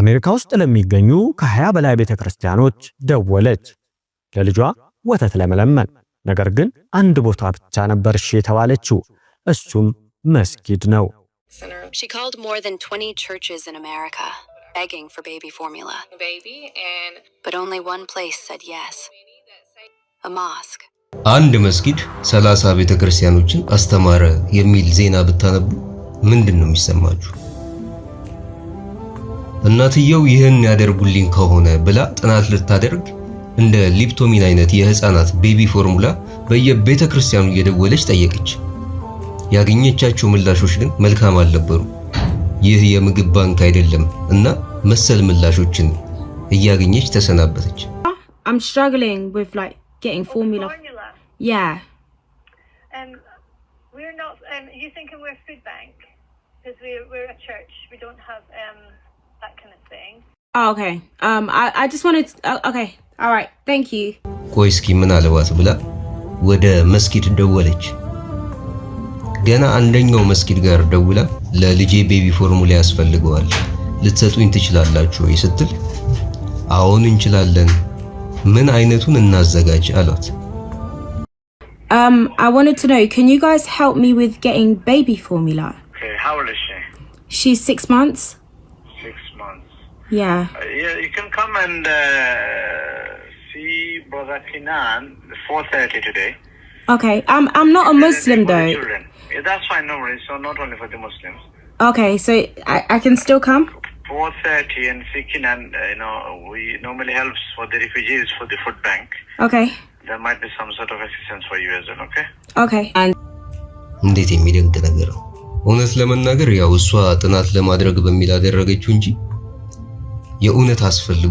አሜሪካ ውስጥ ለሚገኙ ከ20 በላይ ቤተክርስቲያኖች ደወለች ለልጇ ወተት ለመለመን። ነገር ግን አንድ ቦታ ብቻ ነበር እሺ የተባለችው፣ እሱም መስጊድ ነው። አንድ መስጊድ 30 ቤተክርስቲያኖችን አስተማረ የሚል ዜና ብታነቡ ምንድን ነው የሚሰማችሁ? እናትየው ይህን ያደርጉልኝ ከሆነ ብላ ጥናት ልታደርግ እንደ ሊፕቶሚን አይነት የህፃናት ቤቢ ፎርሙላ በየቤተ ክርስቲያኑ እየደወለች ጠየቀች። ያገኘቻቸው ምላሾች ግን መልካም አልነበሩ። ይህ የምግብ ባንክ አይደለም እና መሰል ምላሾችን እያገኘች ተሰናበተች። I'm struggling with like getting formula. formula. Yeah. Um, we're not, um, you thinking we're food bank because we're, we're a church. We don't have, um, Oh, okay. um I I just wanted to, uh, okay all right thank you ቆይ እስኪ ምን አለባት ብላ ወደ መስጊድ ደወለች። ገና አንደኛው መስጊድ ጋር ደውላ ለልጄ ቤቢ ፎርሙላ ያስፈልገዋል ልትሰጡኝ ትችላላችሁ ወይ ስትል አሁን እንችላለን፣ ምን አይነቱን እናዘጋጅ አሏት። um I wanted to know can you guys help me with getting baby formula? Okay, how old is she? She's six months. Six months. Yeah. Uh, yeah, you can come and uh, see Brother Kinan 4:30 today. Okay, I'm I'm not a Muslim though. Children. Yeah, that's fine, no worries. So not only for the Muslims. Okay, so I, I can still come. 4:30 and seeking and uh, you know we normally helps for the refugees for the food bank. Okay. There might be some sort of assistance for you as well. Okay. Okay. And. እንዴት የሚደንቅ ነገር ነው! እውነት ለመናገር ያው እሷ ጥናት ለማድረግ በሚል አደረገችው እንጂ የእውነት አስፈልጎ